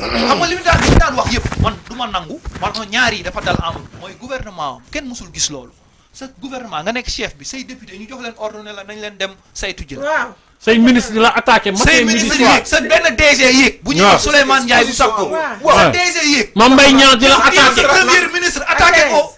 xam nga li mu daan li mu daan wax yëpp man du nangu man ñaar yi dafa dal am mooy gouvernement am kenn musul gis loolu sa gouvernement nga nekk chef bi say député ñu jox leen ordre ne la nañ leen dem saytu jël waaw say ministre di la attaqué say ministre yéeg sa benn DG yéeg bu ñuy wax Souleymane Ndiaye bu sakko sa DG yéeg Mame Mbaye Niang di la ko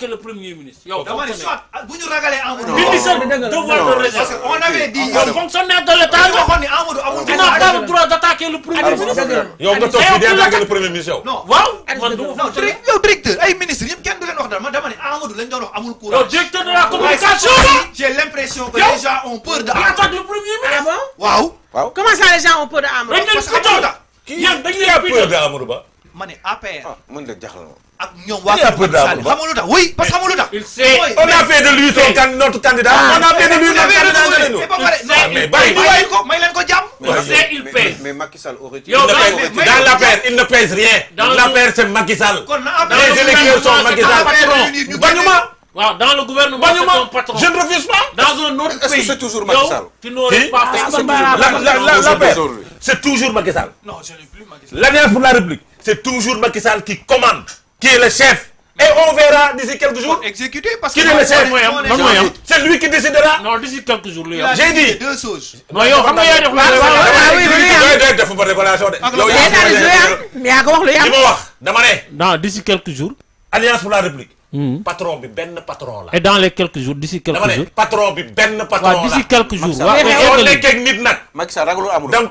écarter le premier ministre. yow dama ne soit bu ñu ragalee Amadou. parce que on avait dit. yow fonctionnaire de l'État nga waxoon ni Amadou amul. dina pas le droit d'attaquer le premier ministre. Yo, nga toog fii di attaquer le premier ministre non waaw man du ma fonctionnaire yow directeur ay ministre yëpp kenn du leen wax dara man dama ne Amadou lañ doon wax amul courage. yow directeur de la communication j'ai l'impression que les gens ont peur de. attaque le premier ministre. Ah waaw. waaw comment ça les gens ont peur de Amadou. dañ leen ko toog yéen dañ leen ko toog. ma ne APR. ah man de ak bah? tax oui parce que xamoo lu on a fait de lui son notre candidat. on a fait de lui notre candidat. mais ah, bàyyi bàyyi c'est il pèse mais Macky Sall aurait dit. dans l'affaire il ne pèse rien. dans la paire, c'est Macky Sall. les élections sont Macky Sall. bañu dans le gouvernement c'est ton patron je ne refuse pas. dans un autre pays est-ce que c'est toujours Macky Sall. tu n'aurais pas l'affaire c'est toujours Macky Sall. non je n'ai plus Macky Sall. l'alliance pour la République c'est toujours Macky Sall qui commande qui est le chef. Et on verra d'ici quelques jours. Exécuté parce qu'il est le chef. Hein. C'est lui qui décidera. Non, d'ici quelques jours. J'ai dit. Deux choses. Non, non d'ici quelques jours. alliance pour la république. Hmm. patron bi ben patron là. et dans les quelques jours d'ici quelques jours. patron bi ben patron d'ici quelques jours. on est donc.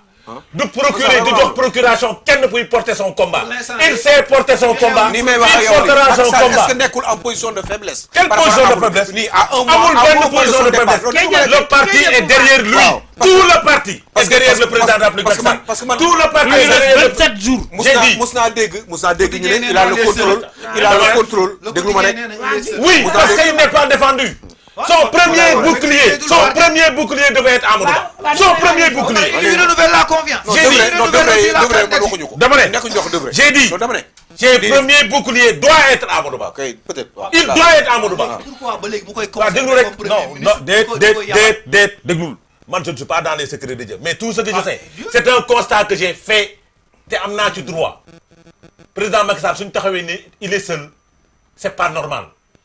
Hein? de procurer de procuration procuration ne puisse porter son combat. il sait porter son combat. il portera son combat est-ce que en position de faiblesse. quelle position de faiblesse. Ni à un de faiblesse. le parti est derrière lui. tout le parti. est derrière le président de la République tout le parti est derrière le 27 jours. j'ai dit il a le contrôle. il a le contrôle oui parce qu'il n'est pas défendu. Son premier bouclier, son premier bouclier devait être Amadou Son premier bouclier. Il renouvelle la confiance. J'ai dit, j'ai dit, premier bouclier doit être Amadou Il doit être Amadou Pourquoi non, non, je ne suis pas dans les secrets de Dieu. Mais tout ce que je sais, c'est un constat que j'ai fait. Tu am naa ci droit. Président Macky Sall il est seul, c'est pas normal.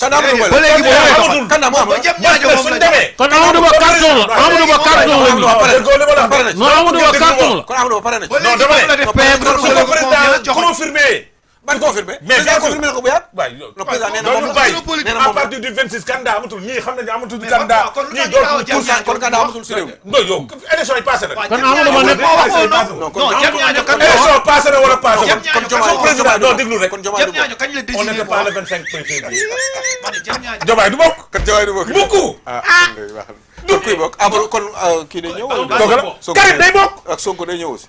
kan Amadou Ba léegi boo xamante kan Amadou Ba kon Amadou Ba carton la Amadou Ba carton la non Amadou Ba carton la. kon Amadou Ba pare nañ. non dama ne. confirmé. ban confirmé. mais bien sûr confirmé na ko bu yàgg. waay loolu loolu bàyyi nee na moom à partir du 26 candidat amatul ñii xam nañu amatul. candidat ñii dootul pour cent kon candidat amatul si réew. non yow élection yi passé na. kon Amadou Ma nekk non kon élection passé na wala passé na. kon Diomaye président non déglu rek. kon Diomaye du bokk on n'était pas le 25 février. Diomaye du bokk. kon Diomaye du bokk mukk. ah du kuy bokk ah kon kii day ñëw. Karim day bokk ak Sonko day ñëw aussi.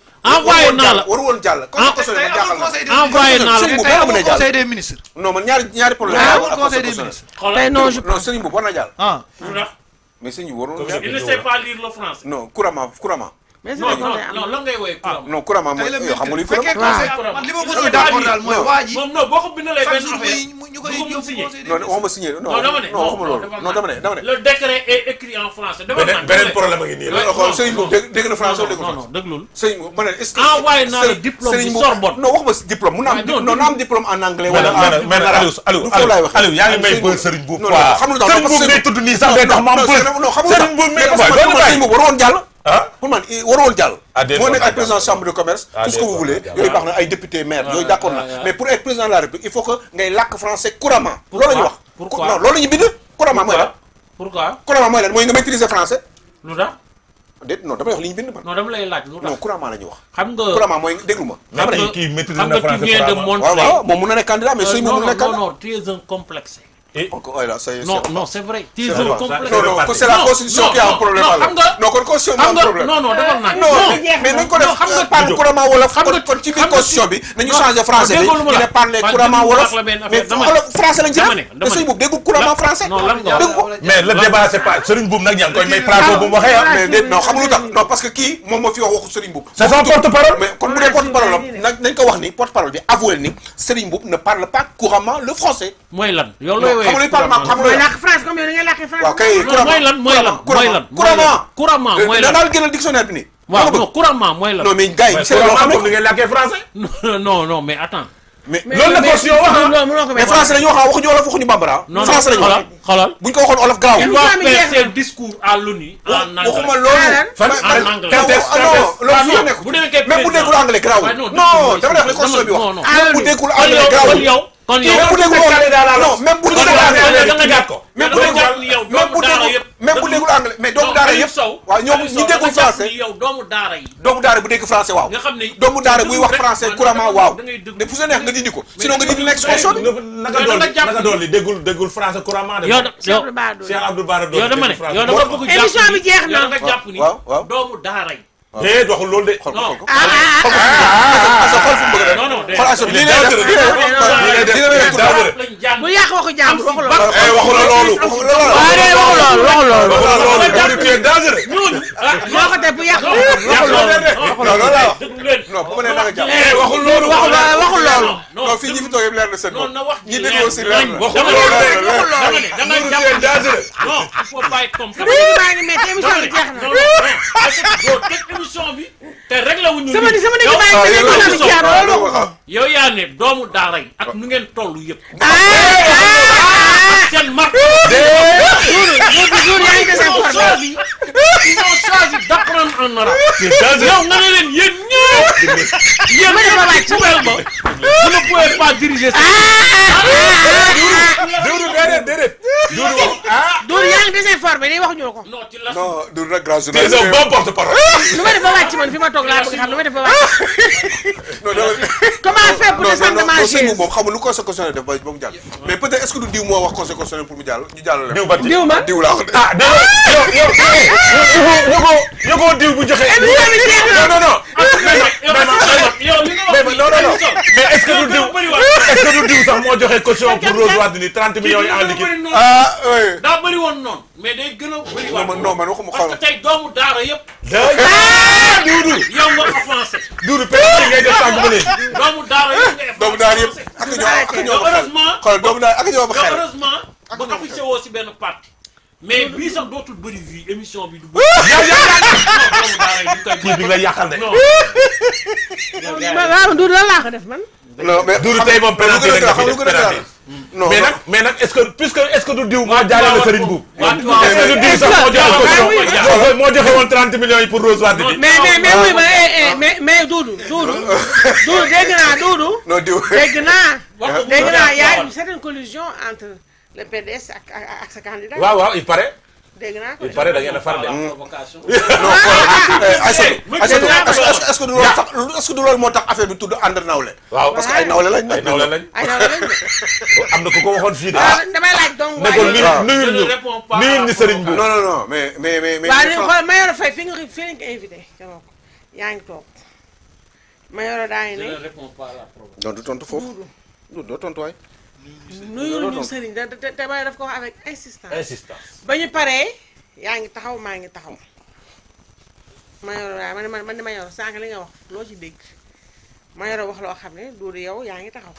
envoyé naa la waru woon jàll envoyé naa la conseil des ministres non man ñaari ñaari problème conseil des ministres tey non na jàll ah mais sëriñ mais non ah, non lan ngay wooyee Kurama. non Kurama mooy yoo xam nga luy Kurama. waaw li ma ko siy d'accord daal mooy waa ji. moom non boo ko bindalee benn affaire du ko mu signé. non waxuma signé non non dama ne non dama ne dama ne. le décret est écrit en français. dama naan beneen problème a ngi nii la. waaw sëñ bi dégg dégg na français dégg na français. non dëggul sëñ bi ma ne est-ce que. envoyé naa la diplôme bi sorbonne. non waxuma si diplôme mun na am non na am diplôme en anglais. wala en mais Aliou Aliou Aliou yaa ngi may bëgg Serigne Boub. non non xam nga lu tax Serigne Boub ngay tudd nii sax. mais tax ma am bëgg Serigne Boub mais parce que Serigne Boub waroon jàll Hein? pour man ah, chambre de commerce. Ah, tout ce que vous voulez il député maire d'accord mais pour être président de la république il faut que ngay làkk français couramment. Pourquoi? pourquoi non Pourquoi Pourquoi Pourquoi Pourquoi? couramment Pourquoi pourquoi. couramment Pourquoi Pourquoi Pourquoi nga maîtriser français. Pourquoi Pourquoi non Pourquoi wax Pourquoi Pourquoi bind non dama lay Pourquoi non couramment Pourquoi wax. couramment Pourquoi Pourquoi Pourquoi Pourquoi Pourquoi kii euh, non non un et... Ouais, ah, là, ça y est, non, non, c'est vrai. Teaser complets Non, non, c'est la constitution non, qui a un problème. là non, quand non, constitution un problème. Non, non, d'abord, non. mais nous connaissons pas le couramment wolof. Quand tu vis constitution, bi nous changer français. Il est parlé couramment wolof. Mais français, nous disons. Mais c'est beaucoup de couramment français. Mais le débat, c'est pas. Serigne Boum, n'a rien. Mais plateau, vous waxe Mais non, xam lu tax non, parce que qui, moi, fi wax au Serigne Boum. C'est son porte-parole. Mais comme vous porte-parole, nak ko wax ni porte-parole. bi avouez ni Serigne Boum ne parle pas couramment le français. Moi, là. xamul parlement xam nga làkk France comme yow da ngay làkk France waaw kay mooy lan mooy lan mooy lan couramment couramment mooy lan da daal gënal dictionnaire bi nii waaw non couramment mooy lan non mais gars yi c'est loo xam ne ngay làkkee français non non mais attends mais loolu la caution wax mais français la ñu wax waxuñu wolof waxuñu bambara français la ñu wax xoolal buñ ko waxoon wolof garaaw il va faire seen discours à l'ONU en anglais waxuma loolu en anglais loolu nekk bu nekkul anglais garaaw non dama la wax ne caution bi wax bu nekkul anglais garaaw kon yow bu déggul non même bu déggul anglais da bu déggul anglais mais doomu daara yëpp waaw ñoom ñi déggul français doomu daara bu dégg français waaw nga xam waaw de fu neex nga dindi ko sinon nga dindi nekk sponsor naka dool doomu daara déet waxul loolu de. xool ko non non de. lii lay def bu yàq waxu jàmbur waxu loolu. waxu la loolu. waxu la loolu waxu loolu. moo ko def bu yàq. waxu loolu waxu loolu. non bu ma nee da nga jàpp. waxu loolu waxu loolu. non fii ñi fi toog yëpp leer na seen bopp. na wax ñi déglu aussi leer na. waxul non il faut pas être comme ça. émission bi te réglé wu ñu. sama sama dégg maa ngi déglu émission bi yow yaa ne doomu daara yi ak nu ngeen toll yëpp. Ah, ah, ah. seen marque. choisi ils ont choisi d'apprendre en arabe. yow nga ne leen yéen ñëpp. yéen ñëpp ci poubelle ba. vous ne pouvez pas diriger ça. Ah! Ah! déedéet déedéet déedéet. désinformé day wax ñu ko. non ci la non du nag ma def ba wàcc man fi ma toog laa bëgg xam lu ma def ba wàcc. non non comment faire pour descendre de ma chaise. non non non moom xamul lu conseil constitutionnel def ba ba mu jàll. mais peut être est ce que du diw moo wax ko diw bu joxe. non non non. que du diw sax moo joxe caution pour Rose Wardini 30 millions en liquide. ah oui. woon noonu. mais day gën a bëriwaat non non man waxuma parce que tey doomu daara yëpp. duudu ah, yow nga offensé. duudu pédologie ngay def sànq ba léegi. doomu daara yëpp nga offensé doomu daara yëpp ak ñoo ak ñoo doomu daara ak ñoo ba xel heureusement ba affiché woo si benn parti. mais bii sax dootul bëri vie émission bi du bëri. Ah! yow yaa kii bi nga yàqal de. non non duudu lan laa ko def man. non mais duudu tey moom penalty rek nga fi def penalty. non mais est-ce que puisque est-ce que nous Serigne Bou 30 millions pour mais mais mais oui mais eh, eh, mais mais y a une certaine collusion entre le PDS et sa candidat. waouh oui, il paraît. dégg naa ko de il paraît da ngeen a far de. est-ce que du loolu ah. tax est-ce que du loolu moo tax affaire bi tudd ànd nawle. waaw parce que ay nawle lañ. ay nawle lañ ay nawle lañ de. am na ku ko waxoon fii de. Ah, damay laaj dong waay ne ko nuyul ñu nuyul ñu sëriñ bi. non non non mais mais mais. mais waaw Mayoro Faye fi nga fi nga invité keroog yaa ngi toog Mayoro daa ngi ne. je ne réponds pas à la provocation. donc du tontu foofu. du doo tontu waay. nuyu ñu sëriñ da te te daf ko wax avec insistance. insistance ba ñu paree yaa ngi taxaw maa ngi taxaw. Mayoro waaye man man man Mayoro sànq li nga wax loo ci dégg Mayoro wax loo xam ne Doudou yow yaa ngi taxaw.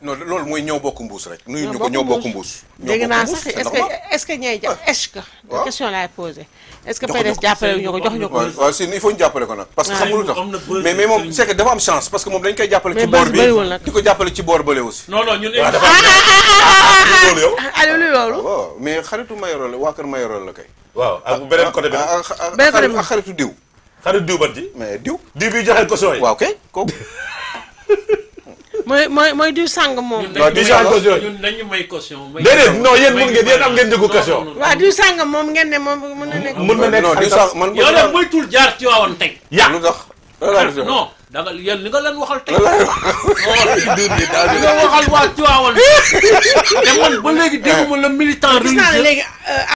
Não, não não, não, não não, não, não não, não, não, não, mbuus. dégg naa sax est-ce que est-ce que ñooy ja est-ce que. question laay posé. est-ce que PDS jàppale ñu ko jox ñu ko. waaw si il faut ñu jàppale ko nag. parce que xam nga lu tax mais mais moom c'est que dafa am chance parce que moom dañ koy jàppale. ci boor bi di ko jàppale ci boor bële aussi. non non ñun. waaw dafa am loolu yow. allo lu loolu. waaw mais xaritu Mayoro la waa kër Mayoro la kay. waaw ak ah, ah, ah, beneen côté bi. beneen côté bi ak xaritu diw. xaritu diw ban ci. mais diw. diw bi joxe caution yi. waaw kay kooku mooy mooy mooy du sang moom. waaw du sang ñun dañu may caution. déedéet non yéen mun ngeen yéen am ngeen njëgu caution. waaw du sang moom ngeen ne moom mun na nekk. mun na nekk non du sang man. yow de moytul jaar ci waawoon tey. yaa lu tax non. da nga yéen li nga leen waxal tey. li nga waxal waa ci waawoon. te man ba léegi déggu ma le militant. ruus léegi. Euh,